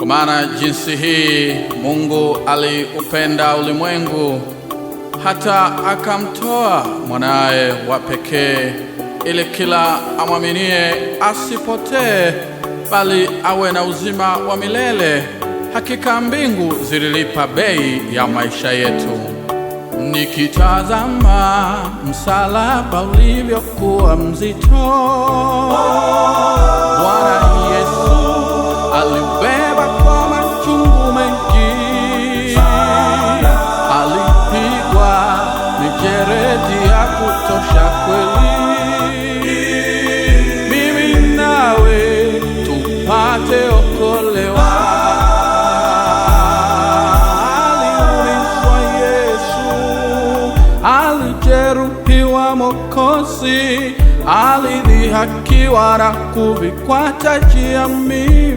Kwa maana jinsi hii Mungu aliupenda ulimwengu hata akamtoa mwanaye wa pekee, ili kila amwaminie asipotee, bali awe na uzima wa milele. Hakika mbingu zililipa bei ya maisha yetu. Nikitazama msalaba ulivyokuwa mzito, Bwana kutosha kweli, mimi nawe tupate okolewa. Aliulizwa Yesu, alijeruhiwa mokosi, alidhihakiwa na kuvikwa taji ya miiba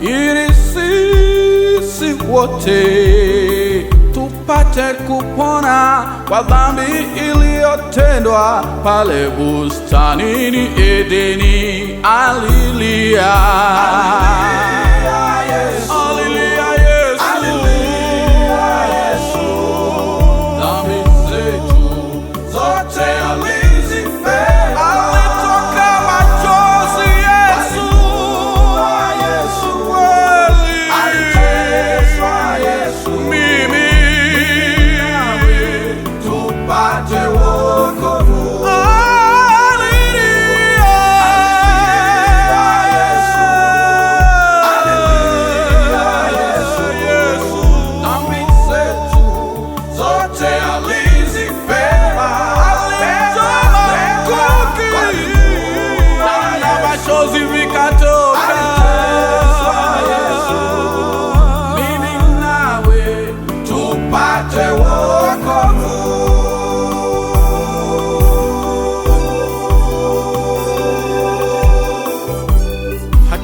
ili sisi wote upate kupona kwa dhambi iliyotendwa pale bustanini Edeni. Alilia, dhambi zetu zote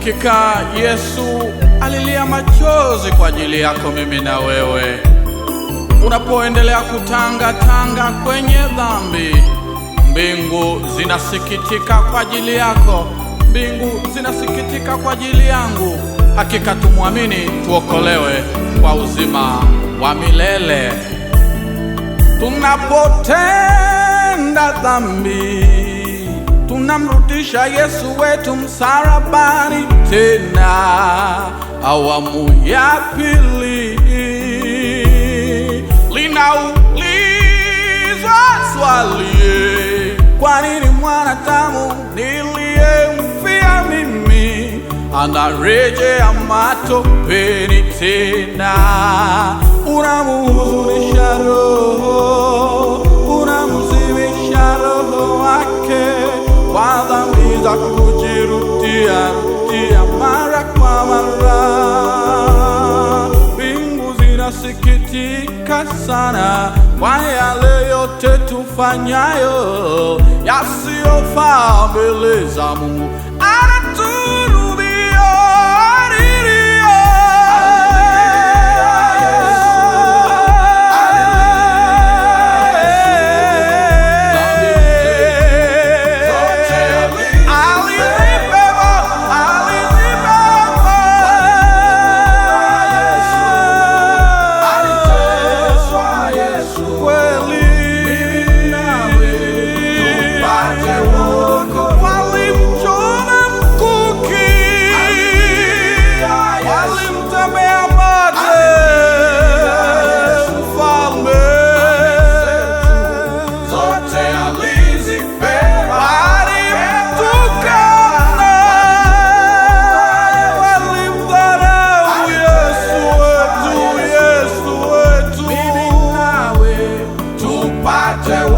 Hakika Yesu alilia machozi kwa ajili yako mimi na wewe. Unapoendelea kutangatanga kwenye dhambi, mbingu zinasikitika kwa ajili yako, mbingu zinasikitika kwa ajili yangu. Hakika tumwamini, tuokolewe kwa uzima wa milele. Tunapotenda dhambi tunamrudisha Yesu wetu msarabani tena, awamu ya pili. Linaulizwa swali, kwa nini mwanadamu niliyemfia mimi anarejea matopeni tena? Unamuhuzunisha Roho tumeathirika sana kwa yale yote tufanyayo yasiyofaa mbele za Mungu. after